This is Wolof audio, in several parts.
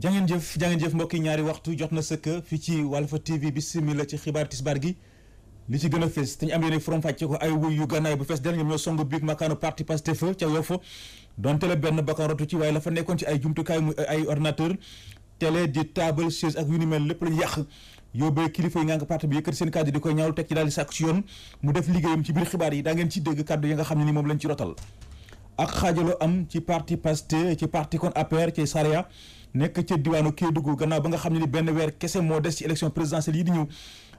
jangeen jëf jangeen jëf mbokki ñaari waxtu jot na sëkk fii ci Walf TV bismillah ci xibaar tisbaar gi li ci gën a fees te ñu am yéen forom fàcce ko ay wuy yu gannaay bu fees del ñoom ñoo song biig makaanu parti Pastef ca Yoff donte la benn bakkan rotu ci waaye la fa nekkoon ci ay jumtukaay mu kilifa yi nga nga parti seen kàddu di koy ñaawlu teg ci daal di sàkk ci yoon mu def liggéeyam ci biir xibaar yi daa ngeen ci dégg kàddu yi nga xam ne ni moom lañ ci rotal ak xaajaloo am ci parti Pastef ci parti kon APR ci Saria nekk ca diwaanu Kédougou gannaaw ba nga xam ne ni benn weer kese moo des ci élection présidentielle yi di ñëw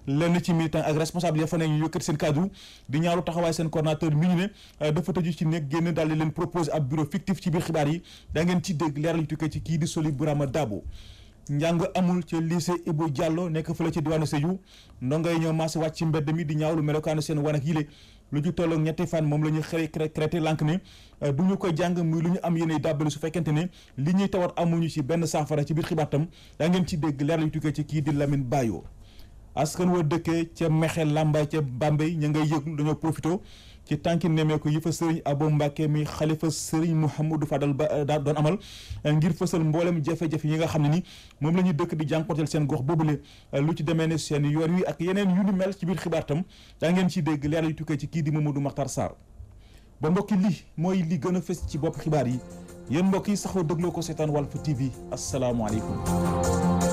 lenn ci militant ak responsable ya fa ne ñu yëkkati seen kaddu di ñaaru taxawaay seen coordonnateur mi ñu ne euh, dafa tëju ci nekk génn daal leen proposé ab bureau fictif ci biir xibaar yi da ngeen ci dégg leeral yu tukkee ci kii di Soli Bourama Dabo njàng amul ci lycée Ibou Diallo nekk fële ci diwaanu Sédhiou ndongo yi ñoo maas wàcc ci mbedd mi di ñaawlu melokaanu seen wan ak yile lu ci tolloog ñetti fan moom lañuy euh, ñu xëy crêté lank ne du ñu koy jàng muy lu ñu am yéene dàbbali su fekkente ne li ñuy tawat amuñu ci benn saafara ci biir xibaatam daa ngeen ci dégg leer lañu tukkee ci kii di Lamine Bayo askan wa dëkkee ca Mexe Lamba ca Bambey ña ngay yëglu dañoo profito ci tànki nemeeku yi fa sëriñ Abo Mbacke mi xalifa sëriñ du Fadal Ba daa doon amal ngir fësal mboolem jafe-jafe yi nga xam ne ni moom la ñuy dëkk di jànkonteel seen gox boobu boobule lu ci demee ne seen yoon wi ak yeneen yu ni mel ci biir xibaar tam daa ngeen ciy dégg leeral yu tukkee ci kii di Mamadou Makhtar saar ba mbokki li mooy li gën a fës ci bopp xibaar yi yéen mbokk yi saxoo dégloo ko seetaan Walf TV asalaamaaleykum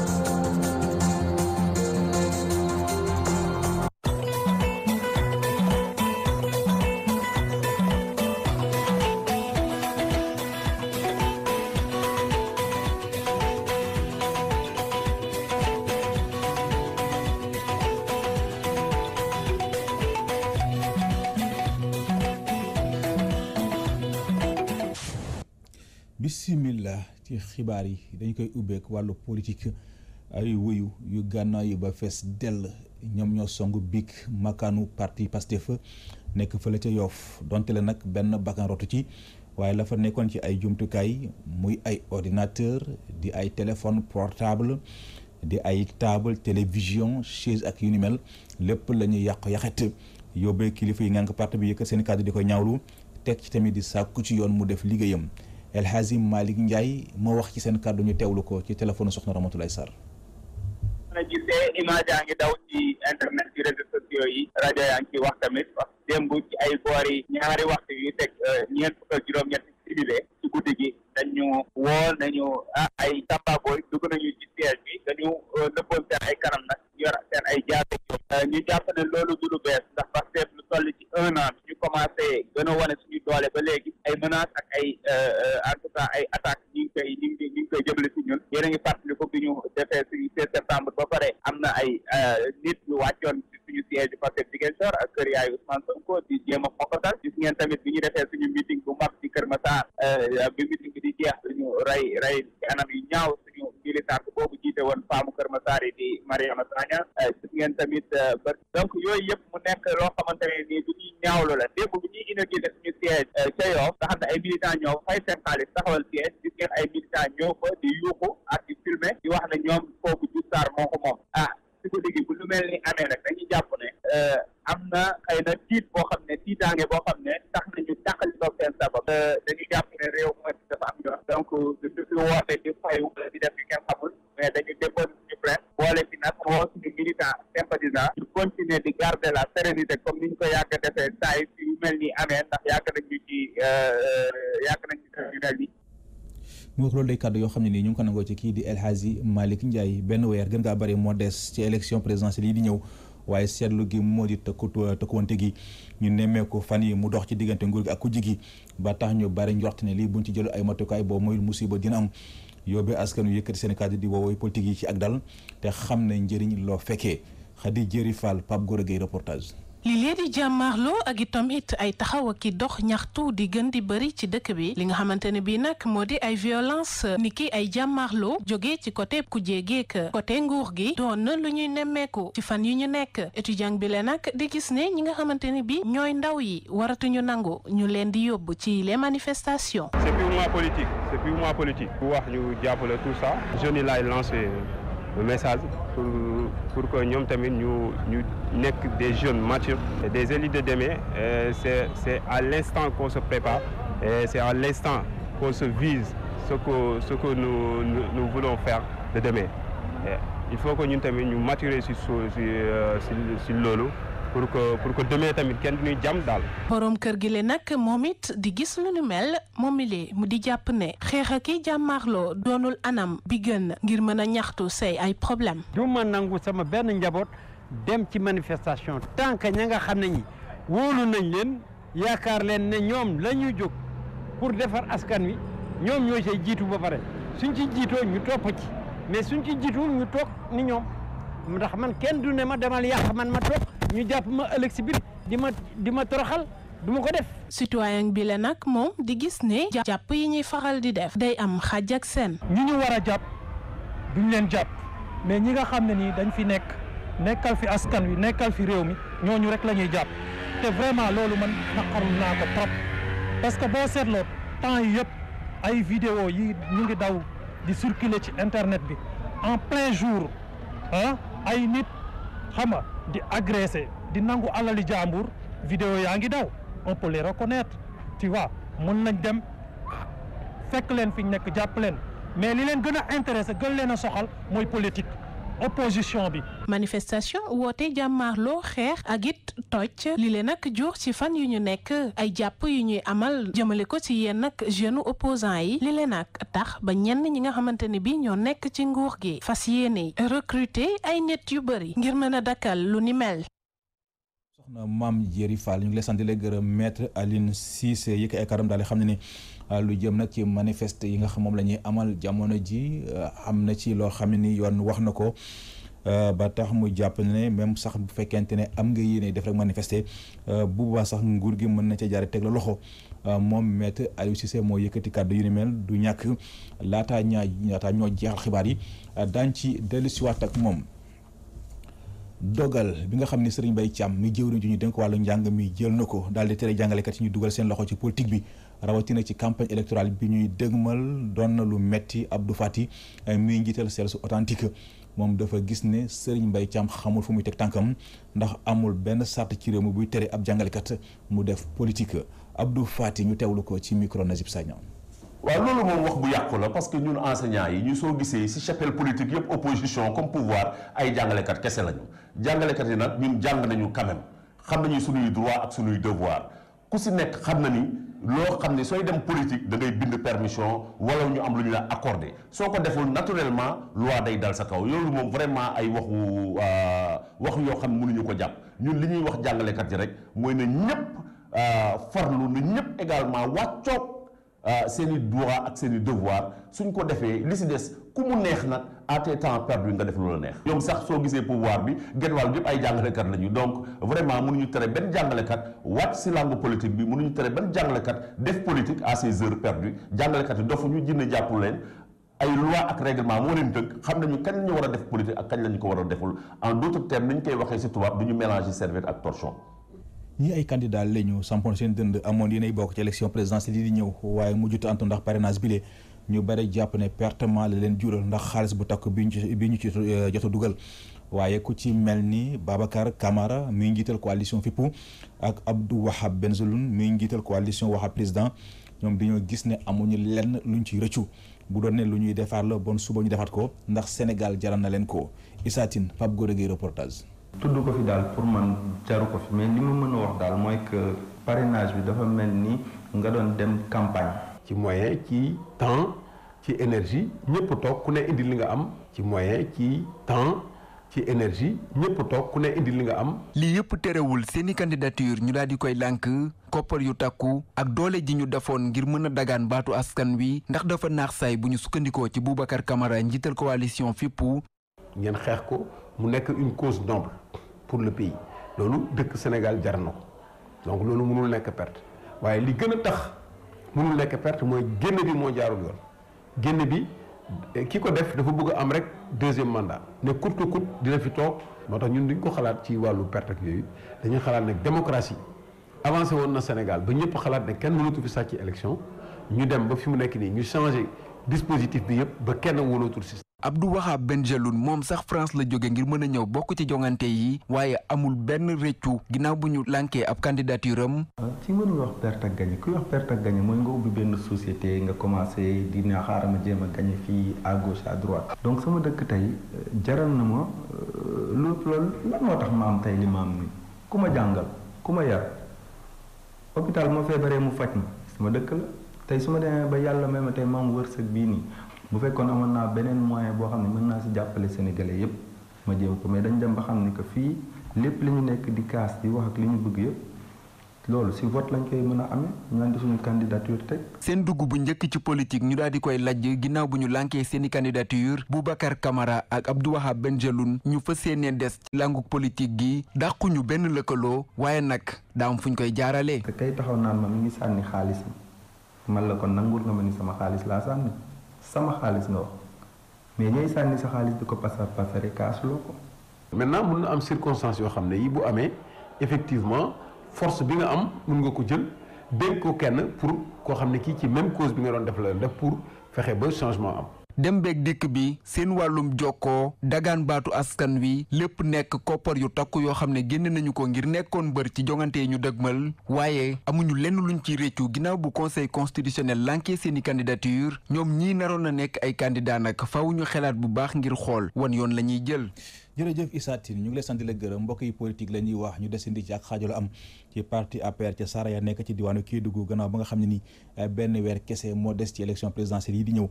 ci xibaar yi dañ koy ubbeek wàllu politique ay wuyu yu gànnaaw yi ba fees dell ñoom ñoo song biig makkaanu parti Pastef nekk fële ca yoof donte le nag benn bakkan rotu ci waaye la fa nekkoon ci ay jumtukaay muy ay ordinateur di ay téléphone portable di ay table télévision chaise ak yu lépp la ñuy yàq yaxet yóbbee kilifa yi ngànk parti bi yëkkat seen kàddu di ko ñaawlu teg ci tamit di sàkku ci yoon mu def liggéeyam El Hadji Malick Ndiaye moo wax ci seen kàddu ñu teewlu ko ci téléphone soxna Ramatoulaye Sarr mën a gisee image yaa ngi daw ci internet ci réseaux sociaux yi rajo yaa ngi ci wax tamit wax démb ci ay boori ñaari waxtu yu teg eh, ñeent fukk juróom-ñett indilee ci guddi gi dañu wool nañu ah ay tàmbaabooy dugg nañu ci siège bi dañu euh, nëppoon seen ay kanam nag yor seen ay jaaré euh, ñu jàpp ne loolu du lu bees ndax Pastef lu toll ci un an ñu commencé gën a wane suñu doole ba léegi ay menaces ak ay euh, en tout cas ay attaques ñu ngi koy ñu ngi ngi koy jëmale si ñun yéen ngi fàttali ko bi ñu defee suñu seize septembre ba pare am na ay nit ñu wàccoon suñu siège bi Pastef Ziguinchor a kër yaay Ousmane Sonko di jéem a xoqatal gis ngeen tamit bi ñu defee suñu meeting bu mag ci Kër Massar euh, bi meeting bi di jeex suñu rey rey anam yu ñaaw suñu militant boobu jiite woon faamu Kër Massar yi di Mariama Sagna euh, gis ngeen tamit euh, ba donc yooyu yëpp mu nekk loo xamante ne nii du ñuy ñaawlu la démb bi ñuy inauguré suñu siège ca Yoff nga xam ne ay militant ñoo fay seen xaalis taxawal siège gis ngeen ay militant ñoo di yuuxu ak di filmer ci guddi gi bu lu mel ni amee nag dañuy jàpp ne euh, am na xëy na tiit boo xam ne tiitaange boo xam ne tax nañu tàqali toog seen sabab euh, dañuy jàpp ne réew mooy dafa am yoon donc du fi woote di fayu wala di def fi kenn xamul mais dañu déposé suñu plainte boole fi nag woo suñu militant sympathisant ñu continuer di garder la sérénité comme niñ ko yàgg defee saa yi si yu mel ni amee ndax yàgg nañu ci euh, yàgg nañ ci def yu mel ni mu wax loolu day kàddu yoo xam ne nii ñu ngi ko nangoo ci kii di El Hadji Malick benn weer gën ngaa bëri moo des ci élection présidentielle yi di ñëw waaye seetlu gi moo di tëkku tëkkuwante gi ñu nemmeeku fan yi mu dox ci diggante nguur gi ak ku gi ba tax ñu bari njort ne lii buñ ci jëlu ay matukaay boobu moyul musiba dina am yóbbee askan wi yëkkati seen kàddu di woowee politique yi ci ak dal te xam na njëriñ loo fekkee Khady Diéry Fall Pape Gora Gueye li lee di jàmmaarloo ak itam it ay taxaw ak i dox ñaxtu di gën di bëri ci dëkk bi li nga xamante ne bii nag moo di ay violence ni ki ay jàmmaarloo jógee ci côté ku jéegeek côté nguur gi doon na lu ñuy nemmeeku ci fan yi ñu nekk étudiant bi le nag di gis ni ñi nga xamante ne bii ñooy ndaw yi waratuñu nangu ñu leen di yóbbu ci le manifestations. c'est purement politique c'est purement politique. bu wax ñu jàppale tout ça. jeunes yi laay message pour que ñoom tamit ñu ñu nekk des jeunes matures des élites de demain euh, c'est c'est à l'instant qu'on se prépare et c'est à l'instant qu'on se vise ce que ce que nous nous, nous voulons faire de demain il faut que ñun tamit ñu maturer si si si loolu pour que pour que demee tamit kenn du ñuy jàmm daal. borom kër gi le nag moom it di gis lu nu mel moom ile mu di jàpp ne xeex ak i jàmmaarloo doonul anam bi gën ngir mën a ñaxtu say ay problème du ma nangu sama benn njaboot dem ci manifestation tant que ña nga xam ne ñi wóolu nañ leen yaakaar leen ne ñoom la jóg pour defar askan wi ñoom ñoo say jiitu ba pare suñ ci jiitoo ñu topp ci mais suñ ci jiituwul ñu toog ni ñoom ndax man kenn du ne ma demal yàq man ma ñu jàpp ma ëllëg si di ma di ma toroxal du ma ko def. citoyen bi leen nag moom di gis ne. jàpp yi ñuy faral di def. day am xaj ak seen. ñi ñu war a jàpp duñ leen jàpp mais ñi nga xam ne nii dañ fi nekk nekkal fi askan wi nekkal fi réew mi ñooñu rek la ñuy jàpp te vraiment loolu man naqarul naa ko trop parce que boo seetloo temps yi yëpp ay vidéo yi ñu ngi daw di circuler ci internet bi en plein jour ah ay nit xam di agressé di nangu alali jàmbur vidéo yaa ngi daw on peut les reconnaître tu vois mën nañ dem fekk leen fi ñu nekk jàpp leen mais li leen gën a intéressé gën leen a soxal mooy politique opposition bi. manifestation woote jàmmaarloo xeex ak it toj li leen nag jur ci fan yu ñu nekk ay jàpp yu ñuy amal jëmale ko ci yenn nag jeunes opposants yi li leen nag tax ba ñenn ñi nga xamante ne bii ñoo nekk ci nguur gi fas yéene recruter ay nit yu bëri ngir mën a dakkal lu ni mel. soxna maam Jéri Fall ñu ngi lay sant di lay gërëm maître Aline Cissé yi xam ne ni. Euh, lu jëm nag ci manifeste yi nga xam moom la ñuy amal jamono ji euh, am na ci loo xam ne ni yoon wax na ko euh, ba tax mu jàpp ne même sax bu fekkente ne am nga yéene def rek manifester bu baax sax nguur gi mën na ca jaare teg la loxo moom maître Aliou Cissé moo yëkkati kàddu yu ni mel du ñàkk laataa ñaa laataa ñoo jeexal xibaar yi dañ ci dellu siwaat ak moom dogal bi nga xam ne Serigne Mbaye Thiam mi jëwriñ ju ñu dénk wàllu njàng mi jël na ko daal di tere jàngalekat yi ñu dugal seen loxo ci politique bi rawatina ci campagne électorale bi ñuy dëgmal doon na lu metti Abdou Fati muy njiital Sels authentique moom dafa gis ne Serigne mbay Thiam xamul fu muy teg tànkam ndax amul benn sart ci réew mi buy tere ab jàngalekat mu def politique du Fati ñu teewlu ko ci micro Najib Sagna. waaw loolu moom wax bu yàqu la parce que ñun enseignants yi ñu soo gisee ci chapelle politique yëpp opposition comme pouvoir ay jàngalekat kese lañu jàngalekat yi nag ñun jàng nañu quand même xam nañu suñuy droit ak suñuy devoir ku si nekk xam na ni. loo xam ne sooy dem politique da bind permission wala ñu am lu ñu la accordé soo ko deful naturellement loi day dal sa kaw loolu moom vraiment ay waxu euh, wax yoo xam ne mënuñu ko jàpp ñun li ñuy wax jàngalekat yi rek mooy na ñëpp euh, farlu na ñëpp également wàccoog euh, seen i droit ak seen i devoir suñ ko defee li si des ku mu neex na à tes temps perdu nga def lu la neex ñoom sax soo gisee pouvoir bi genn wàll yëpp ay jàngalekat la ñu donc vraiment mënuñu tere benn jàngalekat wàcc si langue politique bi mënuñu tere benn jàngalekat def politique à ses heures perdues jàngalekat yi dofu ñu jinne jàppul leen ay loi ak règlement moo leen tënk xam nañu kañ lañu war a def politique ak kañ lañu ko war a deful en d'autres termes ni ñu koy waxee si tubaab du ñu mélanger serviette ak torchon ñii ay candidat lañu sampoon seen bi ñu bari jàpp ne pertement la leen jural ndax xaalis bu takk bi ñu ci bi ñu ci euh, jot a dugal waaye ku ci mel ni Babacar Camara muy njiital coalition fippu ak Abdou Wahab Benzeloun muy njiital coalition Wahab président ñoom di ñoo gis ne amuñu lenn luñ ci rëccu bu doon ne lu ñuy defaat la bon suba ñu defaat ko ndax Sénégal jaral na leen ko Isatine Pape Gora Gueye reportage. tudd ko fi daal pour man jaru ko fi mais li ma mën a wax daal mooy que parrainage bi dafa mel ni nga doon dem campagne. ci moyen ci ci énergie ñëpp toog ku ne indi li nga am ci moyen ci temps ci énergie ñëpp toog ku ne indi li nga am. lii yëpp terewul seeni candidature ñu daal di koy lànk koppar yu takku ak doole ji ñu defoon ngir mën a dagaan baatu askan wi ndax dafa naax saay bu ñu sukkandikoo ci Boubacar Camara njiital coalition fippu ngeen xeex ko mu nekk une cause noble pour le pays loolu dëkk Sénégal jar na donc loolu mënul nekk perte waaye li gën a tax mënul nekk perte mooy génn moo jaarul yoon. génn bi ki ko def dafa bëgg am rek deuxième mandat ne coûte que coûte dina fi toog moo tax ñun duñ ko xalaat ci wàllu perte ak yooyu dañuy xalaat ne démocratie avancé woon na Sénégal ba ñëpp xalaat ne kenn mënatu fi sàcc élection ñu dem ba fi mu nekk nii ñu changé dispositif bi yëpp ba kenn wóolootul si Abdou Wahab Bengeloun moom sax France la jóge ngir mën a ñëw bokk ci jongante yi waaye amul benn rëccu ginnaaw bu ñu lànkee ab candidature ci ah, mënul wax perte ak gagné kuy wax perte ak gagné mooy nga ubbi benn société nga commencé di xaaral ma jéem a gagné fii à gauche à droite. donc sama dëkk tey euh, jaral na ma euh, lu loolu lan moo tax ma tey li ma nii ku ma jàngal ku ma yar hôpital ma feebaree mu faj ma sama dëkk la tey su ma demee ba yàlla may ma tey ma am wërsëg bii nii. bu fekkoon amoon naa beneen moyen boo xam ne mën naa si jàppale sénégalais yépp ma jéem ko mais dañ dem ba xam ne ko fii lépp li ñu nekk di kaas di wax ak li ñu bëgg yépp loolu si vote lañ koy mën a amee ñu andi suñu candidature teg. seen dugg bu njëkk ci politique ñu daal di koy lajj ginnaaw bu ñu lànkee seeni candidature Boubacar kamara ak Abdou Wahab Bengeloun ñu fa yéenee des ci langu politique gi dàquñu benn lëkkaloo waaye nag daam fu ñu koy jaaralee. te kay taxaw naan ma mi ngi sànni xaalis ma la kon nangul nga ma ni sama xaalis laa sànni. sama xaalis nga wax mais ñooy sànni sa xaalis di ko pasar pasare kaasuloo ko. maintenant mun na am circonstance yoo xam ne yi bu amee effectivement force bi nga am mun nga ko jël dénk ko kenn pour koo xam ne kii ci même cause bi nga doon def la def pour fexe ba changement am. dem beeg dikk bi seen wàllum jokkoo dagaan baatu askan wi lépp nekk koppar yu takku yoo xam ne génn nañu ko ngir nekkoon mbër ci jongante yi ñu dëgmal waaye amuñu lenn luñ ci réccu ginnaaw bu conseil constitutionnel lankee seeni candidature ñoom ñii naroon na nekk ay candidat nag faaw ñu xelaat bu baax ngir xool wan yoon la ñuy jël. jërëjëf Issa Tine ñu ngi lay sant la gërëm mbokk yi politique la ñuy wax ñu desandi ci ak xaajalo am ci parti APR ca Saraya nekk ci diwaanu Kédougou gannaaw ba nga xam ne ni eh, benn weer kese moo des ci élection présidentielle yi di ñëw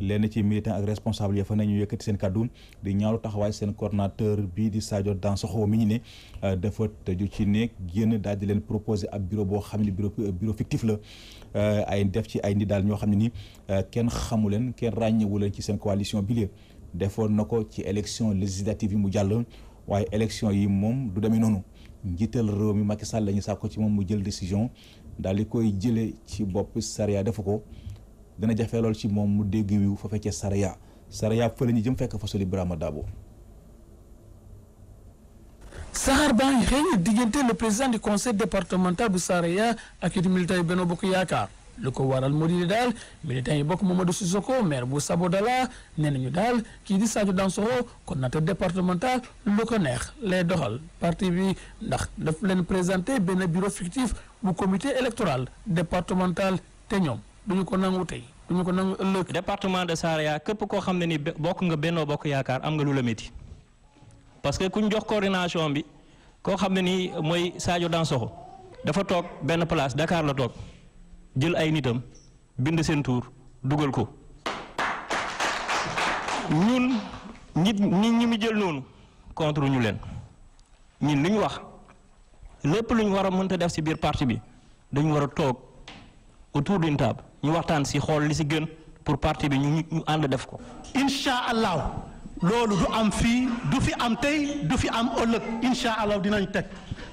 lenn ci militant ak responsable ya fa ne ñu seen kàddu di ñaaru taxawaay seen coordonnateur bii di Sadio Dansokho mi ñu ne euh, dafa tëju ci nekk génn daal di leen proposé ab bureau boo xam ne bureau euh, bureau fictif la euh, ay def ci ay nit daal ñoo xam ne ni kenn xamu leen kenn ràññewu leen ci seen coalition bi defoon na ko ci élection législative yi mu jàll waaye élection yi moom du demee noonu njiital réew mi Macky Sall la ñu ci moom mu jël décision daal di koy jëlee ci bopp Sariya defu ko. dana jafee lool ci moom mu dégg wiw fa fekkee Saraya Saraya ñu jëm fekk fa soli Birama Dabo saxaar baa ngi xëy diggante le président du conseil départemental bu Saraya ak it militant yi Benno Bokk Yaakaar lu ko waral moo di daal militant yi bokk Mamadou Sissoko maire bu Sabodala nee nañu daal kii di Sadio Dansokho coordonnateur départemental lu ko neex lay doxal parti bi ndax daf leen présenté benn bureau fictif bu comité électoral départemental te ñoom duñu ko nangu tey duñu ko nangu ëllëg. département de Saraya képp koo xam ne ni bokk nga Benno Bokk Yaakaar am nga lu la métti parce que ku ñu jox coordination bi koo xam ne nii mooy Sadio Dansokho dafa toog benn place Dakar la toog jël ay nitam bind seen tur dugal ko ñun nit nit ñi jël noonu contre ñu leen ñun lu wax lépp lu ñu war a mënta def ci biir parti bi dañu war a toog autour d'une table. ñu waxtaan si xool li si gën pour parti bi ñu ñu ànd def ko. incha allahu loolu du am fii du fi am tey du fi am ëllëg incha allah dinañ teg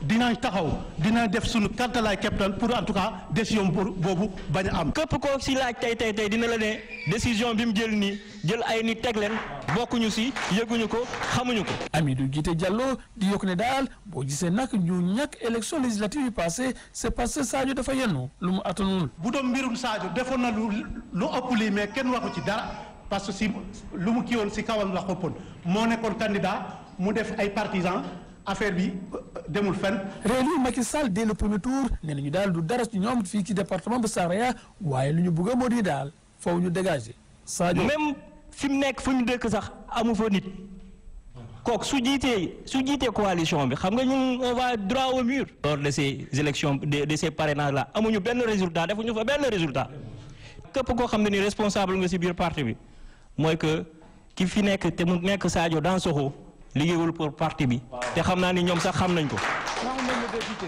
dinañ taxaw dinañ def suñu kàntalaay keptal pour en tout cas décision boobu bañ am. képp koo si laaj tey tey tey dina la ne décision bi mu jël nii jël ay ni teg leen bokkuñu si yëguñu ko xamuñu ko. am Amidou Guité Diallo di yokk ne daal boo gisee nag ñu ñàkk élection législative yi passé c'est parce que Sadio dafa yennu lu mu attanul. bu doon mbirum Sadio defoon na lu lu ëpp lii mais kenn waxu ci dara. parce que si lu mu kii woon si kawam la xoppoon moo nekkoon candidat mu def ay partisans affaire bi euh, demul fenn. réew Macky Sall dès le premier tour nee nañu daal du dara ci ñoom fii ci département bu Saraya waaye lu ñu bëgg a moo di daal foofu ñu dégager. Sadio même fi mu nekk fu ñu dëkk sax amu fa nit. kooku su jiitee su jiitee coalition bi xam nga ñu on va droit au mur. lors de ces élections de de ces parrainages là amuñu benn résultat defuñu fa benn résultat képp koo xam ne ni responsable nga si biir parti bi. mooy que ki fi nekk te mu nekk Sadio Dansokho liggéeyul pour parti bi te xam naa ni ñoom sax xam nañ ko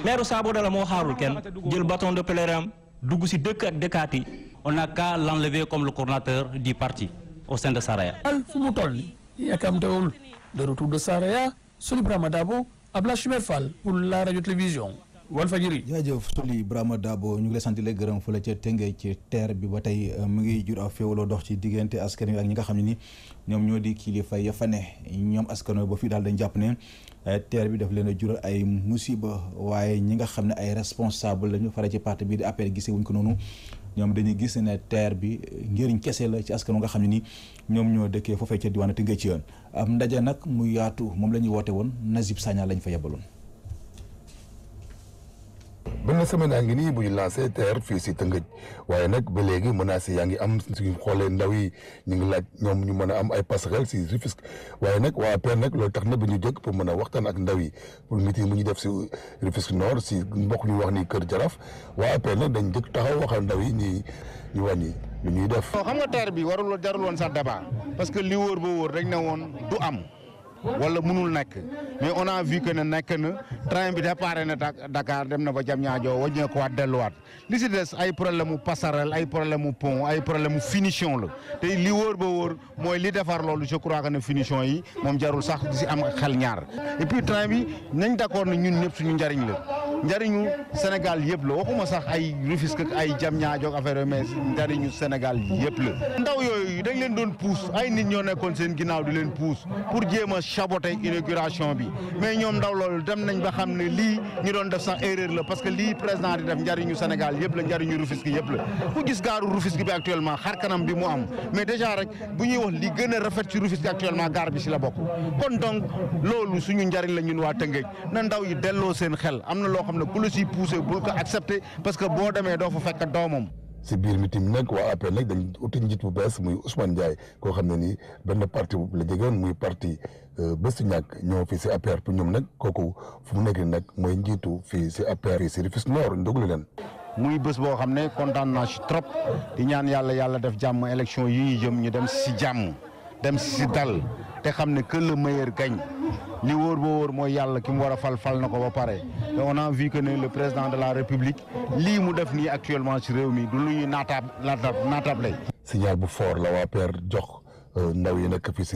maire Sabodala la moo xaarul kenn jël bâton de pèlerin dugg si dëkk ak dëkkaat yi on n'a qu'à l'enlever comme le coordonnateur du parti au sein de Saraya al fu mu toll yàkkamtewul de retour de Saraya Souli Brahma Dabo Abla Chimère Fall pour la radio télévision Walfadjri jaajëf Soly Brahma Dabo ñu ngi lay sant di la gërëm fële ca Tëngéej ci terre bi ba tey euh, mu ngi jur a dox ci diggante askan wi ak ñi nga xam ne ni ñoom ñoo di kilifa ya fa ne ñoom askan wi ba fii daal dañ jàpp ne euh, terre bi daf leen a jural ay musiba waaye ñi nga xam ne ay responsable lañu fare ci parti bii di APR gisee wuñ ko noonu ñoom dañuy gis ne terre bi njëriñ kese la ci askan wi nga xam ne ni ñoom ñoo dëkkee foofee ca diwaanu Tëngéej ci yoon am ndaje nag mu yaatu moom la ñuy woote woon Nazib Sagna lañ fa yebaloon benn semaine a ngi nii buy lancé TER fii si Tëngëj waaye nag ba léegi mën menaces yaa ngi am suñu xoolee ndaw yi ñu ngi laaj ñoom ñu mën a am ay passerelle si Rufisque waaye nag waa APR nag loolu tax na bi ñu jóg pour mën a waxtaan ak ndaw yi pour meeting bu ñu def si Rufisque Nord si mbokk ñu wax ni Kër Jaraaf waa APR nag dañ jëkk taxaw waxal ndaw yi ñuy ñu wàññi lu ñuy def. xam nga TER bi warul jarul woon sax débat parce que li wóor ba wóor rek na woon du am. wala mënul nekk mais on a vu que ne nekk na train bi départ na Dakar dem na ba Diamniadio wàññeekuwaat delluwaat li si des ay problème mu passerelle ay problème mu pont ay problème mu finition la te li wóor ba wóor mooy li defar loolu je crois que ne finition yi moom jarul sax di si am xel ñaar et puis train bi nañ d'accord ne ñun ñëpp suñu njariñ la njariñu Sénégal yëpp la waxuma sax ay Rufisque ak ay Diamniadio affaire mais njariñu Sénégal yëpp la ndaw yooyu dañ leen doon pousse ay nit ñoo nekkoon seen ginnaaw di leen pousse saboté inauguration bi mais ñoom ndaw loolu dem nañ ba xam ne lii ñu doon def sa erreur la parce que lii président di def njariñu Sénégal yëpp la njariñu Rufisque yëpp la ku gis gaaru Rufisque bi actuellement xar kanam bi mu am mais déjà rek bu ñuy wax li gën a rafet ci Rufisque actuellement gaar bi si la bokk kon donc loolu suñu njariñ la ñun waa Tëngéej na ndaw yi delloo seen xel am na loo xam ne ku la siy poussé bul ko accepté parce que boo demee doo fa fekk si biir mitim nekk waa APR nag dañ uti njiit bu bees muy Ousmane Ndiaye koo xam ne nii benn parti la jegoon muy parti euh, bés si ñàkk ñoo fii si APR pour ñoom nag kooku fu mu nekk nii nag mooy njiitu fii si APR yi si Rufisque Nord ñu déglu leen. muy bés boo xam ne kontaan naa trop di ñaan yàlla yàlla def jàmm élection yi ñu jëm ñu dem si jàmm dem si dal. te xam ne que le meilleur gagne li wóor boo wóor mooy yàlla ki mu war a fal fal na ko ba pare te on a que ne le président de la république lii mu def nii actuellement si réew mi du lu ñuy naataab naataab naataab lay. signal bu foor la waa PER jox euh, ndaw yi nekk fii ci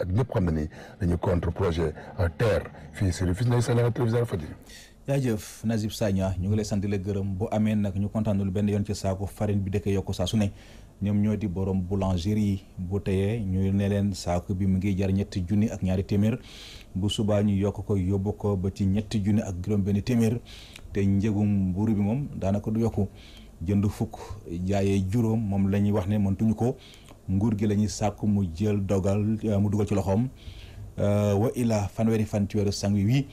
ak ñëpp xam na ni dañu contre projet euh, TER fii ci Rufisque nay Sénégal télévision Fatick. jaajëf Nazib Sagna ñu ngi lay sant di la gërëm boo amee nag ñu kontaanul benn yoon ci saako farine bi dëkk yokku saa su ne. ñoom ñoo di borom boulangerie yi bu teyee ñu ne leen saako bi mu ngi jar ñetti junni ak ñaari téeméer bu subaa ñu yokk ko yóbbu ko ba ci ñetti junni ak juróom-benn téeméer te njëgum mburu bi moom daanaka du yokku jënd fukk jaayee juróom moom la ñuy wax ne mëntuñu ko nguur gi lañuy ñuy sàkku mu jël dogal euh, mu dugal ci loxoom euh, wa illa fanweeri fan ci weeru sang wi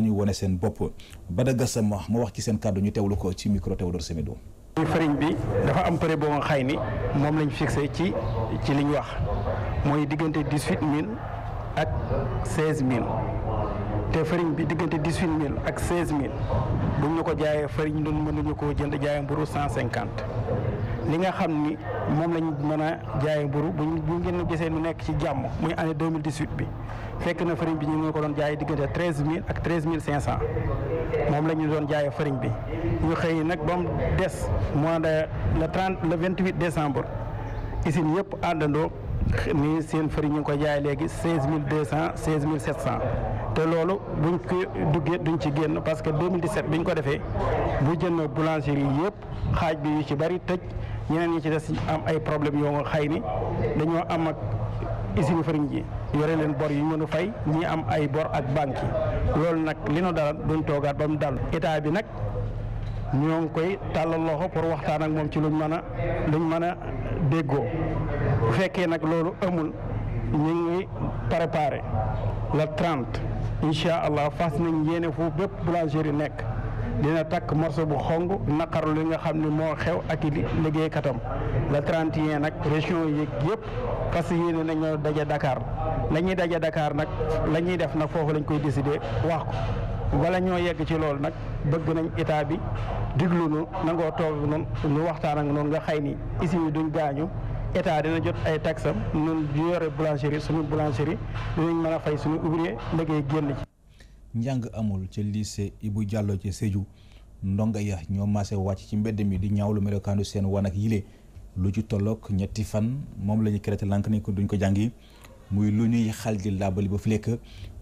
ñu wone seen bopp Bada Gassama moo wax ci seen kàddu ñu teewlu ko ci micro Théodore Semedo fariñ bi dafa am prix boo nga xay ni moom lañ fixé ci ci liñ wax mooy diggante dix-huit mille ak seize mille te fariñ bi diggante dix-huit mille ak seize mille bu ñu ko jaayee fariñ doon mënuñu koo jënd jaayee mburu cent cinquante li nga xam ni moom lañ mën a jaayee mburu buñ bu ngeen gisee mu nekk ci jàmm muy année 2018 bi fekk na farine bi ñu ngi ko doon jaayee diggante treize mille ak treize mille cinq cent moom la ñu doon jaayee farine bi ñu xëy nag ba des mois de le trente le vingt huit décembre usine yëpp àndandoo nii seen farine ñu ngi ko jaay léegi seize mille deux cent seize mille sept cent te loolu ñu ko duggee duñ ci génn parce que 2017 biñ ko defee bu jënd boulangerie yëpp xaaj bi yu ci bari tëj ñeneen ñi ci des am ay problème yoo xay ni dañoo am ak usine farine ji yore leen bor yu mënu fay ñi am ay bor ak banque loolu nag li nu dalan duñ toogaat ba mu dal état bi nag ñoo ngi koy tàllal loxo pour waxtaan ak moom ci luñ mën a luñ mën a déggoo bu fekkee nag loolu amul ñu ngi préparé le 30 incha allah fas nañ yéene foofu bépp boulangerie nekk dina takk morceau bu xong naqaru li nga xam ne moo xew ak i liggéeykatam le 31 nag région yi yëpp parce que yéene nañoo daje dakaar la ñuy daje Dakar nag la ñuy def nag foofu lañ koy décider wax ko wala ñoo yegg ci loolu nag bëgg nañ état bi diglu nu nangoo toog noonu nu waxtaan ak noonu nga xay ni ici yi duñ gaañu état dina jot ay taxam ñun ñu yore boulangerie suñu boulangerie dinañ mën a fay suñu ouvrier liggéey génn njàng amul ca lycée Ibou jàlloo ca Sédhiou ndongo ya ñoo maase wàcc ci mbedd mi di ñaawlu melokaanu seen wan ak yile lu ci tolloog ñetti fan moom la ñu créé lànk nañ ko duñ ko jàngi muy lu ñuy xal di laabali ba flekk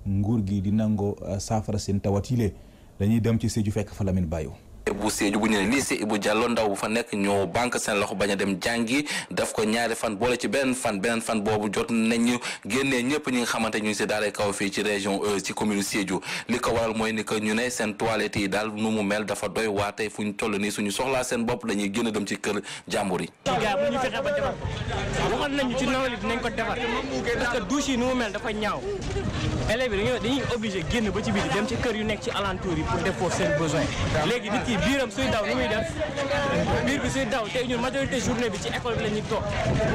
nguur gi di nangoo uh, saafara seen tawat yile dañuy dem ci Sédhiou fekk fa Lamine Bayou bu Sédhiou bu ñu ne lycée Ibou Diallo ndaw bu fa nekk ñoo banque seen loxo bañ a dem jàngi daf ko ñaari fan boole ci beneen fan beneen fan boobu jot nañu génnee ñëpp ñi nga xamante ñu ngi si daaray kaw fii ci région e ci commune Sédhiou li ko waral mooy ni que ñu ne seen toilette yi daal nu mu mel dafa doy waa tey fu ñu toll nii suñu soxlaa seen bopp dañuy génn dem ci kër jàmbur yi. ñu fexe ba defar waxoon nañu ci ko defar parce que douche yi nu mu ñaaw élèves yi dañuy obligé génn ba yu nekk ci alentour yi pour def foofu seen besoin biiram suy daw nu muy def biir bi suy daw tey ñun majorité journée bi ci école bi la ñuy toog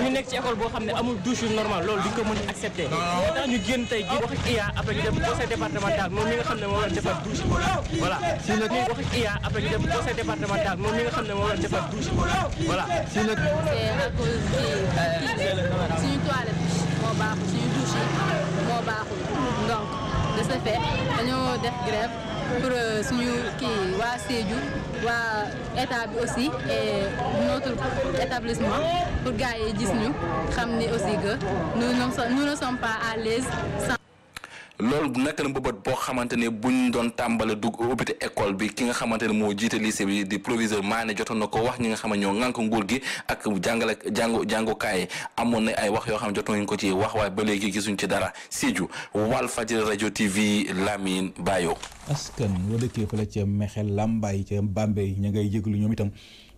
ñu nekk ci école boo xam ne amul douche yu normal loolu duñ ko mën accepté moo tax ñu génn tey ji wax ak IA après ñu dem conseil départemental moom mi nga xam ne moo war defar douche voilà si nag wax ak IA après ñu dem conseil départemental moom mi nga xam ne moo war defar douche voilà si nag c'est à cause de euh, suñu toilette moo baaxul suñu douche yi moo baaxul donc de ce fait dañoo def grève pour euh, suñu Sédhiou waa état bi aussi notre établissement pour gars yi gis ñu xam ne aussi que nous ne sommes pas à l'aise loolu nekk na mbëbët boo xamante ne buñ doon tàmbale dugg ubbite école bi ki nga xamante ne moo jiite lycée bi di proviseur maane jotoon na ko wax ñi nga xam ñoo ŋànk nguur gi ak jàngale jàngu jàngukaay amoon na ay wax yoo xam ne jotoon nañ ko ci wax waaye ba léegi gisuñ ci dara Sédhiou Walfadjri rajo TV Lamine Bayo. askan wa dëkkee fële ca Mexel Lambaay ca Bambey ña ngay yëglu ñoom itam.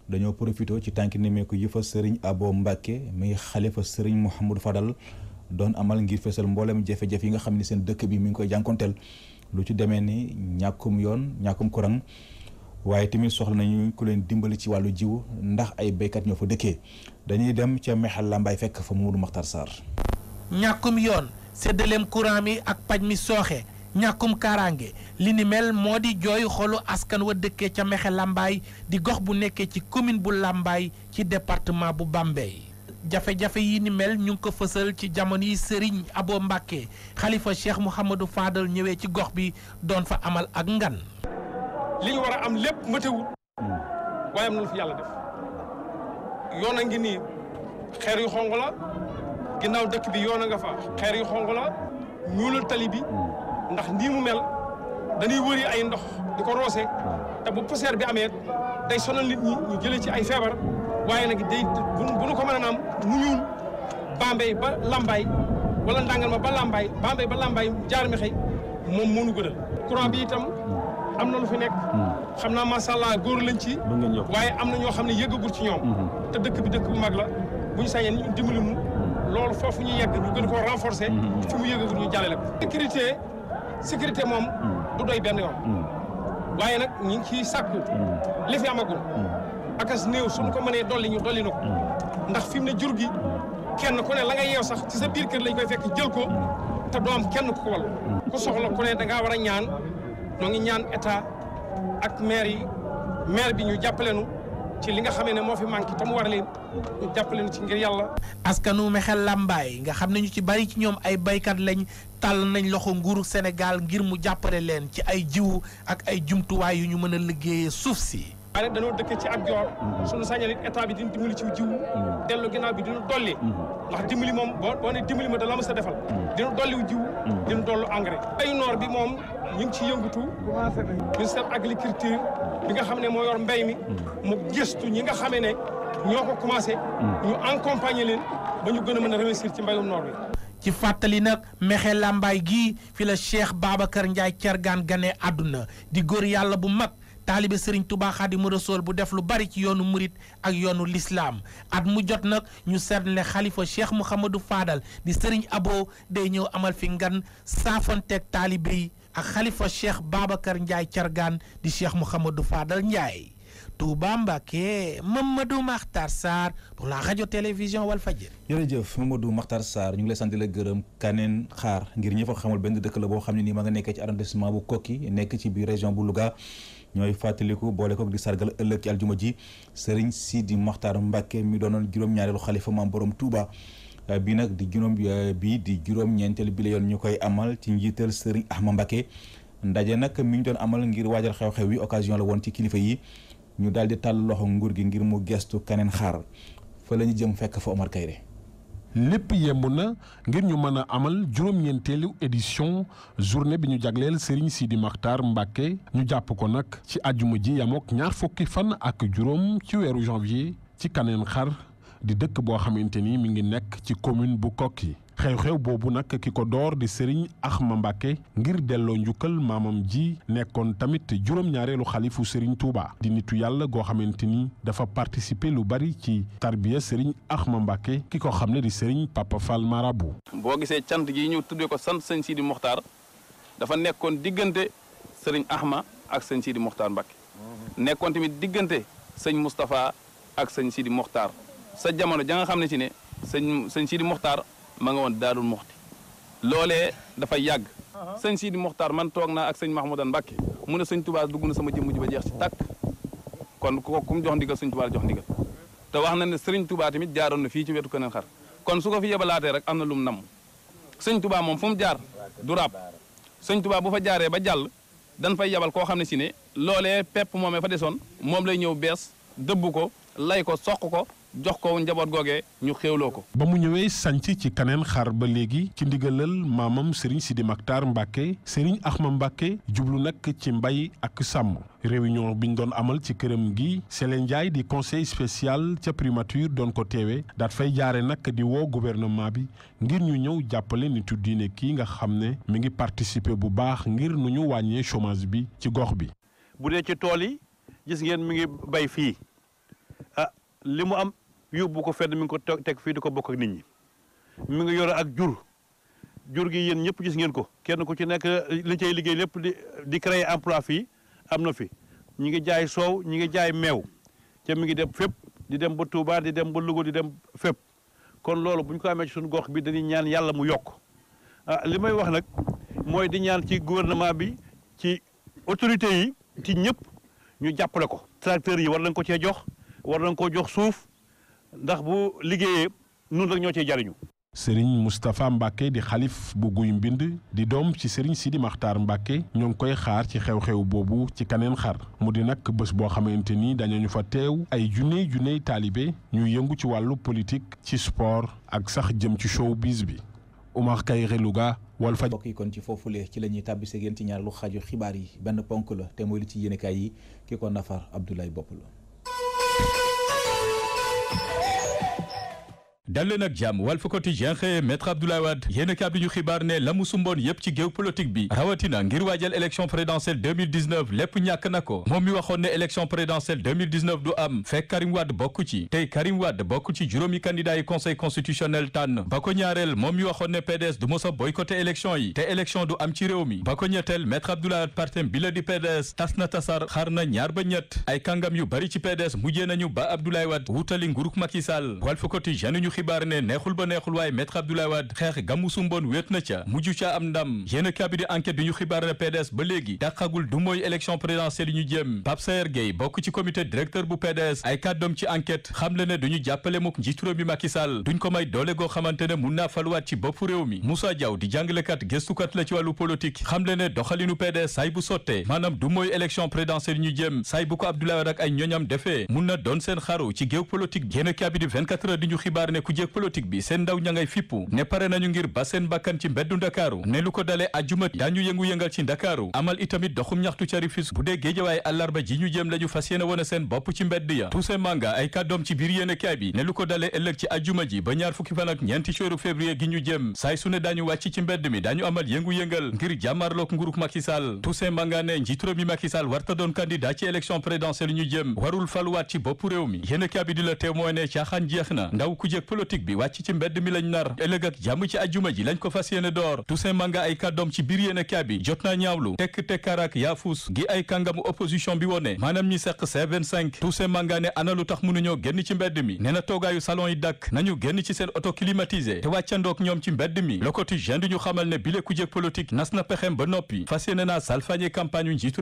dañoo profité ci tànk nemmeeku yi fa sëriñ Abo Mbacke muy xalifa sëriñ Mouhamadou Fadal doon amal ngir fesal mboolem jafe-jafe yi nga xam ni seen dëkk bi mu ngi koy jànkonteel lu ci demee ni ñàkkum yoon ñàkkum courant waaye tamit soxla nañu ku leen dimbali ci wàllu jiw ndax ay béykat ñoo fa dëkkee dañuy dem ca Mexal Lambaay fekk fa Mamadou Makhtar Sarr. ñàkkum yoon séddaleem courant mi ak paj mi sooxee ñàkkum kaaraange li ni mel moo di jooyu xolu askan wa dëkkee ca Mexel Lambaay di gox bu nekkee ci commune bu làmbaay ci département bu Bambey. jafe-jafe yi ni mel ñu ngi ko fësal ci jamono yi Serigne aboo Mbacke xalifa Cheikh Mouhamadou Fadal ñëwee ci gox bi doon fa amal ak ngan. li ñu war a am lépp mëtewut waaye am na fi yàlla def yoon a ngi nii xeer yu xonq la ginnaaw dëkk bi yoon a nga fa xeer yu xonq la ñuulal tali bi ndax nii mu mel dañuy wëri ay ndox di ko roose hmm. te bu poussière bi amee day sonal nit ñu jëlee ci ay feebar. waaye nag day bu nu ko mën mu ñuul Bambey ba Lambaay wala ndàngal ma ba Lambaay Bambey ba Lambaay jaar mi xëy moom moo nu gënal. courant bi itam am na lu fu nekk. Hmm. xam naa macha allah góor lañ ci. waaye am na ñoo xam ne yëggagul ci ñoom. Hmm. te dëkk bi dëkk bu mag la bu ñu sañee ñu dimbali mu hmm. loolu foofu ñu yegg ñu gën koo renforcer. fi mu yëggagul ñu jàllale ko. sécurité moom. du doy benn yoon. waaye nag ñu ngi ciy sàkku. li akas su suñu ko mënee dolli ñu dolli na ko ndax fi mu ne jur gi kenn ku ne la nga yeew sax ci sa biir kër lañ koy fekk jël ko te doom kenn ku ko wal ku soxla ko ne da ngaa war a ñaan ñoo ngi ñaan état ak maire yi maire bi ñu jàppale ci li nga xam ne moo fi manqué te mu war leen ñu jàppale nu ci ngir yàlla. askanu Mexel Lambaay nga xam ne ñu ci bari ci ñoom ay baykat lañ tàll nañ loxo nguuru Sénégal ngir mu jàppale leen ci ay jiwu ak ay jumtuwaay yu ñu mën a liggéeyee suuf si. waaye dañoo dëkk ci ak joor mhm. suñu sañal it état bi dina dimbali ci jiw mhm. dellu ginnaaw bi dina dolli mhm. ndax dimbali moom boo boo ne dimbali ma da la sa defal dina dolliwu jiw dina dollu engrais bay noor bi moom ñu ngi ci yëngutu ministère agriculture bi nga xam ne moo mbay mi mu ñi nga xamee ne ñoo ko commencé ñu accompagner leen ba ñu gën a mën a réussir ci mbayum noor bi ci fàttali nag mexe làmbaay gii fi la Cheikh Babacar Ndiaye Thiergane gane àdduna di góor yàlla bu mag taalibe sëriñ Touba Xaadimu Rasuul bu def lu bari ci yoonu murit ak yoonu lislaam at mu jot nag ñu seetle xalifa cheikh Mouhamadou Fadal di sëriñ Abo day ñëw amal fi ngan saafonteeg taalibe yi ak xalifa cheikh Babacar Ndiaye Cargaan di cheikh Mouhamadou Fadal Ndiaye Touba Mbacké Mamadou Makhtar Sarr pour la radio télévision Walfadjri. jërëjëf Mamadou Makhtar Sarr ñu ngi lay sant la gërëm kaneen xaar ngir ñëpp xamul benn dëkk la boo xam ne nii ma nga nekkee ci arrondissement bu Koki nekk ci biir région bu Louga. ñooy fàttaliku boole ko di sargal ëllëg ci aljuma ji sëriñ di Maxtaar Mbàkke mi doonoon juróom-ñaareelu xalifa maam borom Touba. bi nag di juróom bi di juróom-ñeenteel bi la yoon ñu koy amal ci njiital sëriñ Ahma Mbàkke ndaje nag mi ñu doon amal ngir waajal xew-xew yi occasion la woon ci kilifa yi ñu daal di tàll loxo nguur gi ngir mu gestu kaneen xaar fa la ñu jëm fekk fa Omar Kayre lépp yemb na ngir ñu mën a amal juróom-ñeenteelu édition journée bi ñu jagleel Serigne di maxtar Mbacke ñu jàpp ko nag ci àjjuma ji yamook ñaar fukki fan ak juróom ci weeru janvier ci kaneen xar di dëkk boo xamante ni mi ngi nekk ci commune bu Koki xew-xew boobu nag ki ko door di Serigne Axma Mbacke ngir delloo njukkal maamam ji nekkoon tamit juróom-ñaareelu xalifu Serigne Touba di nitu yàlla goo xamante ni dafa participer lu bari ci tarbiya Serigne Axma Mbacke ki ko xam ne di Serigne Papa Fall Marabu. boo gisee cant gi ñu tuddee ko sant sëñ Sidi dafa nekkoon diggante sëriñ Axma ak sëñ Sidi Mokhtar Mbacke mhm. nekkoon tamit diggante sëñ Moustapha ak sëñ Sidi sa jamono ja xam ne si ne sëñ sëñ Sidi Mokhtar ma nga woon Daarul Muxti loolee dafay yàgg uh-huh. sëñ Sidi Mokhtar man toog naa ak sëñ max mu daan Mbacke mu ne sëñ Touba dugg na sama jëmm ji ba jeex ci tàkk kon ku ku mu jox ndigal sëñ Touba jox ndigal te wax na ne sëriñ Touba tamit jaaroon na fii ci wetu keneen xar kon su ko fi yebalaatee rek am na lu mu namm sëñ Touba moom fu mu jaar du sëñ tubaa bu fa jaaree ba jàll dan fay yebal koo xam ne si ne loolee pepp moomee fa desoon moom lay ñëw bees dëbb ko lay ko soq ko jox ko njaboot googe ñu xéewloo ko. ba mu ñëwee sanc ci kaneen xaar ba léegi ci ndigalal maamam Serigne Sidi Maktar Mbacke Serigne Axma Mbacke jublu nag ci mbay ak sàmm réunion bi ñu doon amal ci këram gi Sele Ndiaye di conseil spécial ca primature doon ko teewee daat jaare nag di woo gouvernement bi ngir ñu ñëw jàppale nitu diine kii nga xam ne mi ngi participer bu baax ngir nu ñu wàññee chomage bi ci gox bi. bu dee ci tool yi gis ngeen mi ngi bay fii ah li am. yóbbu ko fenn mi ngi ko teg fii di ko bokk ak nit ñi mi ngi yore ak jur jur gi yéen ñëpp gis ngeen ko kenn ku ci nekk eh, li cay liggéey lépp di di créer fii am na fi ñi ngi jaay soow ñi ngi jaay meew te mi ngi dem fépp di dem ba Touba di dem ba Louga di dem fépp kon loolu bu ñu ko amee ci suñu gox bi dañuy ñaan yàlla mu yokk ah li may wax nag mooy di ñaan ci gouvernement bi ci autorités yi ci ñëpp ñu jàppale ko tracteurs yi war nañ ko cee jox war nañ koo jox suuf ndax boo liggéeyee nun rek ñoo cee jariñu Serigne Moustapha Mbacke di xalif bu guy mbind di doom ci Serigne Sidi Maxtaar Mbacke ñoo ngi koy xaar ci xew-xew boobu ci kaneen xar mu di nag bés boo xamante ni dañu fa teew ay junney junney taalibe ñu yëngu ci wàllu politique ci sport ak sax jëm ci bis bi Oumar Kayre Louga Walfadjri. mbokk yi kon ci foofulee ci la ñuy tàbbisee ngeen ci ñaar lu xaju xibaar yi benn ponk la te mooy li ci yéenekaay yi ki ko nafar Abdoulaye Bopp la. dal leen ak jàmm Walf Quotidien xëye maître Abdoulaye Wade yéen a kaab di ñu xibaar ne la mu sumboon yépp ci géew bi rawatina ngir waajal élection présidentielle 2019 lépp ñàkk na ko moom mi waxoon ne élection présidentielle 2019 du am fekk Karim Wade bokk ci tey Karim Wade bokk ci juróomi candidat conseil constitutionnel tànn ba ko ñaareel moom mi waxoon ne PDS du mos a boycotté yi te élection du am ci réew mi ba ko ñetteel maître Abdoulaye na ñaar ba ñett ay kàngam yu bari ci PDS mujjee nañu ba Abdoulaye Wade wutali nguuruk Macky Sall Walf Quotidien xibaar ne neexul ba neexul waaye maître Abdoulaye Wade xeex gamu sumboon wéet na ca mujj ca am a kabbidi enquête bi ñu xibaar ne PDS ba léegi dàqagul du mooy élection présidentielle yi ñu jëm Pape Sayer Gueye bokk ci comité directeur bu PDS ay kàddoom ci enquête xam le ne duñu jàppale mukk njiitu réew mi Macky Sall duñ ko may doole goo xamante ne mun naa faluwaat ci bopp réew mi Moussa Diaw di jàngalekat gëstukat la ci wàllu politique xam le ne doxalinu PDS saay bu sottee maanaam du mooy élection présidentielle yi ñu jëm saay bu ko Abdoulaye Wade ak ay ñoñam defee mun na doon seen xaru ci géew politique yéen a kabbidi 24 heures di ñu xibaar ne kujeeg politique bi seen ndaw ña ngay ne pare nañu ngir ba seen ci mbeddu ndakaaru ne ko dalee ajuma daañu yëngu-yëngal ci ndakaaru amal itamit doxum ñaxtu ca Rufisque bu dee géejawaay àllarba ji ñu jëm la fas yéene woon seen bopp ci mbedd ya Toussaint Manga ay kàddoom ci biir yéene bi ne ko dalee ëllëg ci ajuma ji ba ñaar fukki fan ak ñeenti weeru février gi ñu jëm saay su daañu wàcc ci mbedd mi daañu amal yëngu-yëngal ngir jàmmarlook politique bi wàcc ci mbedd mi lañ nar ëllëg ak jàmm ci ajuma ji lañ ko fas yéene door Toussaint Manga ay kàddoom ci biir yéene kaa jot naa ñaawlu tekk tekkaarak yaafus gi ay kàngamu opposition bi wone maanaam ñi seq C25 Toussaint Manga ne ana lu tax mënuñoo ci mbedd mi nee na salon yi dakk nañu génn ci seen auto te wàccandook ñoom ci mbedd mi Le Quotidien ñu xamal ne bile ku jëg nas na pexem ba noppi fas yéene naa salfaañe campagne yu njiitu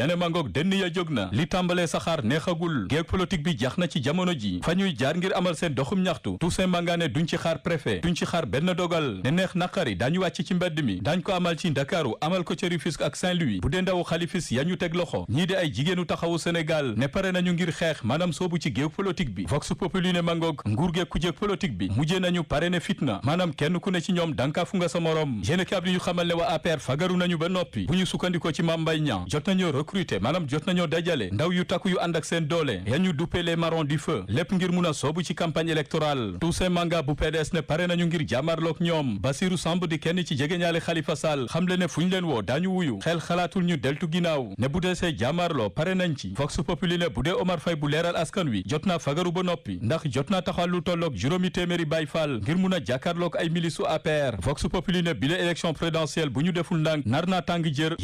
yane mangog denn ya jóg na li tàmbalee saxaar neexagul geeg bi jax na ci jamono ji fa ñuy jaar ngir amal seen doxum ñaxtu Toussaint Mangane duñ ci xaar préfet duñ ci xaar benn dogal ne neex naqari daañu wàcce ci mbedd mi daañ ko amal ci Ndakaaru amal ko ci Rufisque ak Saint-Louis bu dee ndawu xalifis yañu teg loxo ñii di ay jigéenu taxawu Sénégal ne pare nañu ngir xeex maanaam soobu ci géew politique bi vox populi ne mangog nguur geeg kujéeg politique bi mujjee nañu pare ne fitna maanaam kenn ku ne ci ñoom dànkaafu nga sa morom yéene kaab ñu xamal ne waa APR nañu ba noppi bu ñu sukkandikoo ci Mame Mbaye Niang jot recruter maanaam jot nañoo dajale ndaw yu takku yu ànd ak seen doole ya ñu duppee les marrons feu lépp ngir mun a soobu ci campagne électorale Toussaint Manga bu PDS ne pare nañu ngir jaamarloog ñoom Basirou Samb di kenn ci jegeñaale Khalifa Sall xam le ne fu ñu leen woo daañu wuyu xel xalaatul ñu deltu ginnaaw ne bu dee see jaamarloo pare nañ ci Vox Populi ne bu Omar Faye bu leeral askan wi jot na fagaru ba noppi ndax jot na taxawal lu tolloog juróomi téeméeri Baay Faal ngir mun a jàkkaarloog ay milisu APR Vox Populi ne bile élection présidentielle bu ñu deful ndànk nar naa tàng jër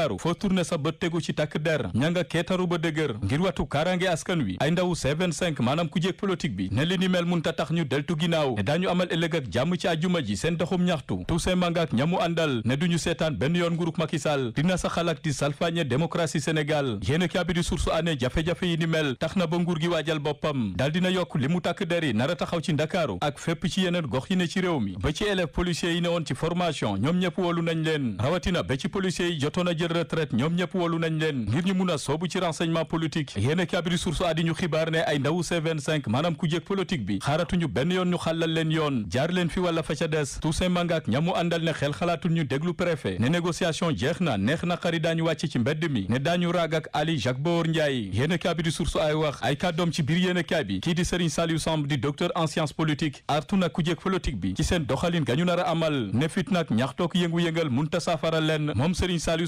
ndakaaru foo tourné sa bët tegu ci takk der ña nga keetaru ba dëgër ngir watu kaaraange askan wi ay ndawu C25 maanaam bi ne li ni mel munta tax ñu deltu ginnaaw ne daañu amal ëllëg ak jàmm ci àjjuma ji seen doxum ñaxtu Toussaint Manga ak ñamu àndal ne duñu seetaan benn yoon nguuruk Macky dina sa xalak di salfaañe démocratie Sénégal yéen a di source année jafe-jafe yi ni mel tax na ba nguur gi waajal boppam daal dina yokk li takk der yi nar a taxaw ci ndakaaru a ministère retraite ñoom ñëpp wolu nañ leen ngir ñu mun a soobu ci renseignement politique yéen a kabiri source ñu xibaar ne ay ndawu C25 maanaam politique bi xaaratuñu benn yoon ñu xàllal leen yoon jaar leen fi wala fa ca des Toussaint Mangak ñamu àndal ne xel xalaatul ñu déglu ne négociation jeex na neex na daañu wàcc ci mbedd mi ne daañu raag ak Ali Jacques Boor Ndiaye yéen a kabiri ay wax ay kàddoom ci biir yéen a kabi seen doxalin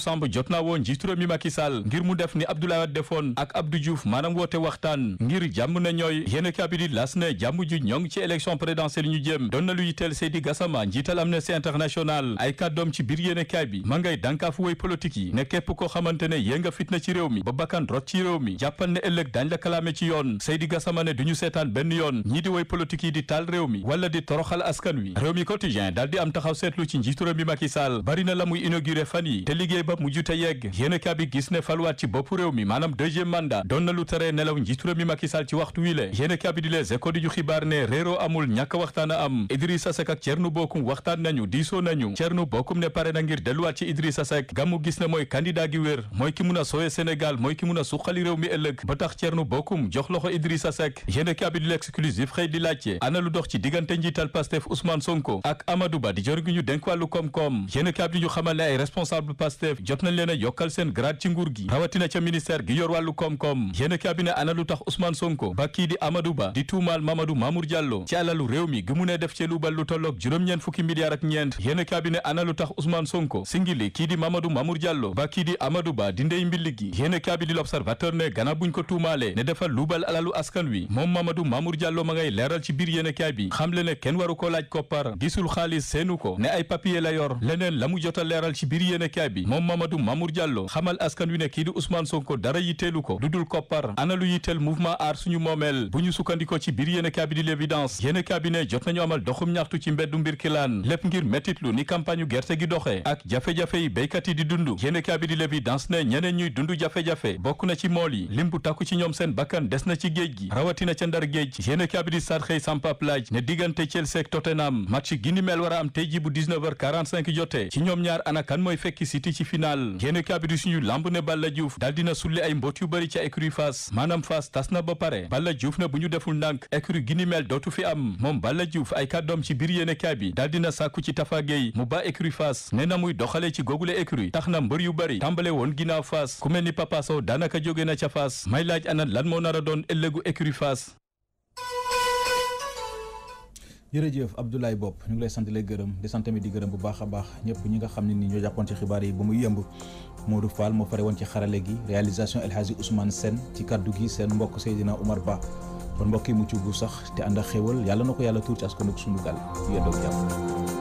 Samb jot naa woo njiitu réew mi Macky ngir mu def ni Abdoulaye Wade ak Abdou Diouf maanaam woote waxtaan ngir jàmm na ñooy yéen kabidi las ne jàmm ju ñoŋ ci élection présidentielle ñu jëm doon na lu yitteel Seydi Gassama njiital Amnesty International ay kàddoom ci biir yéene kaay bi ma ngay dànkaafu woy politique yi ne képp koo xamante ne yée nga fitna ci réew mi ba bakkan rot ci réew mi jàppal ne ëllëg dañ la kalaame ci yoon Seydi Gassama ne du ñu seetaan benn yoon ñii di woy politique yi di taal mi wala di toroxal askan wi réew mi quotidien daal di am taxaw seetlu ci njiitu réew mi Macky Sall na la ju te yegg yéenekaay bi gis ne faluwaat ci bopp réew mi maanaam deuxième mandat doon lu tere nelaw njiitu mi Macky ci waxtu wi le yéenekaay bi di Les Échos ju xibaar ne réeroo amul ñàkk waxtaan a am Idrissa Seck ak Thierno Bocoum waxtaan nañu diisoo nañu Thierno Bocoum ne pare na delluwaat ci Idrissa Seck gàmmu gis ne mooy candidat gi wér mooy ki mun a soowe Sénégal mooy ki mun a suqali réew mi ëllëg ba tax Thierno Bocoum jox loxo Idrissa Seck yéenekaay bi di nañ leen a yokkal seen grade ci nguur gi rawatina ca ministère gi yor wàllu koom-koom yéen a cabinet ana lu tax Ousmane Sonko ba a cabinet ana lu singili kii di Mamadou Mamour ba kii di Ba di ndey mbilli gi yéen a cabinet ne gannaaw buñ ko tuumaale ne dafa luubal alalu askan wi moom Mamadou Mamour Diallo ma ngay leeral ci biir yéen a kaay la yor Mamour Diallo xamal askan wi ne kii di Ousmane Sonko dara yitteelu ko lu dul koppar ana lu yitteel mouvement aar suñu moomeel bu ñu sukkandikoo ci biir yéen a bi di l'évidence yéen a bi ne jot nañu amal doxum ñaxtu ci mbeddu mbir kilaan lépp ngir mettitlu ni campagne gerte gi doxee ak jafe-jafe yi béykat di dund yéen a bi di l'évidence ne ñeneen ñuy dund jafe-jafe bokk na ci mool yi lim bu ci ñoom seen bakkan des na ci géej gi rawatina ca ndar géej yéen a bi di sarxëy sampa plage ne diggante Chelsea ak Tottenham match am tey ji bu 19h45 jotee ci ñoom ñaar ana kan mooy fekki City ci final Sénégal yéene kaa bi di suñu lamb ne Balla Diouf daal dina sulli ay mbot yu bëri ca écurie Fass maanaam Fass tas na ba pare Balla Diouf na bu ñu deful ndànk écurie gi ni mel dootu fi am moom Balla Diouf ay kàddoom ci biir yéene kaa bi daal dina sàkku ci Tafa yi mu ba écurie Fass nee na muy doxale ci googule écurie tax na mbër yu bëri tàmbale woon ginnaaw Fass ku mel ni Papa Sow daanaka jóge na ca Fass may laaj ana lan moo nar a doon ëllëgu écurie Fass jërëjëf Abdoulaye Bopp ñu ngi lay sant lay gërëm di sant di gërëm bu baax a baax ñëpp ñi nga xam ne ni ñoo jàppoon ci xibaar yi ba mu yëmb Modou Fall moo fare woon ci xarale gi réalisation El Hadji Ousmane Sène ci kaddu gi seen mbokk Seydina Oumar Ba kon mbokk yi mucc gu sax te ànd ak xéwal yàlla na ko yàlla tuur ci askan ak sunu gaal